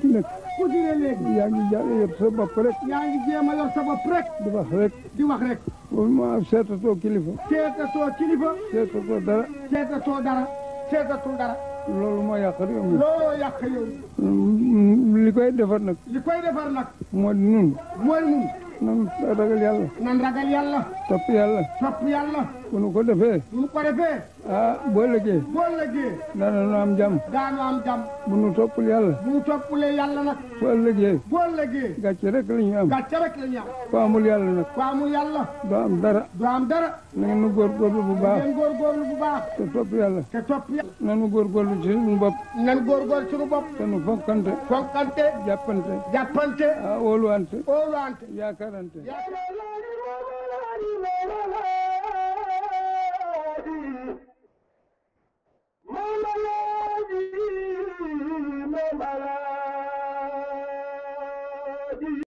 ku ci nekk. yaa ngi ja yor sa bopp rek. yaa ngi jéem a yor sa bopp rek. di wax rek. di wax rek. ma seetatoo kilifa. seetatoo kilifa. seetatoo dara. seetatoo dara. seetatul dara. loolu moo yàq réew mi. looloo yàq réew mi. Mm, mm, li koy defar nag. li koy defar nag. mooy nun. mooy nun. nan ragal yàlla. nan ragal yàlla. topp yàlla. topp yàlla. bu nu ko defee. bu nu ko defee. ah boo lëggee. boo lëggee. daanu am jàmm. daanu am jàmm. bu nu toppul yàlla. bu nu toppulee yàlla nag. boo lëggee. boo lëggee. gàcce rek la ñu am. gàcce rek la ñu am. ku amul yàlla nag. ku amul yàlla. doo am dara. doo am dara. na ngeen nu góorgóorlu bu baax. na ngeen góorgóorlu bu baax. te topp yàlla. te topp yàlla. na nu góorgóorlu ci suñu bopp. na nu góorgóorlu ci suñu bopp. te nu fonkante. fonkante. jàppante. jàppante. ah wóoluwante. wóoluwante. yaakaar adelante. Ya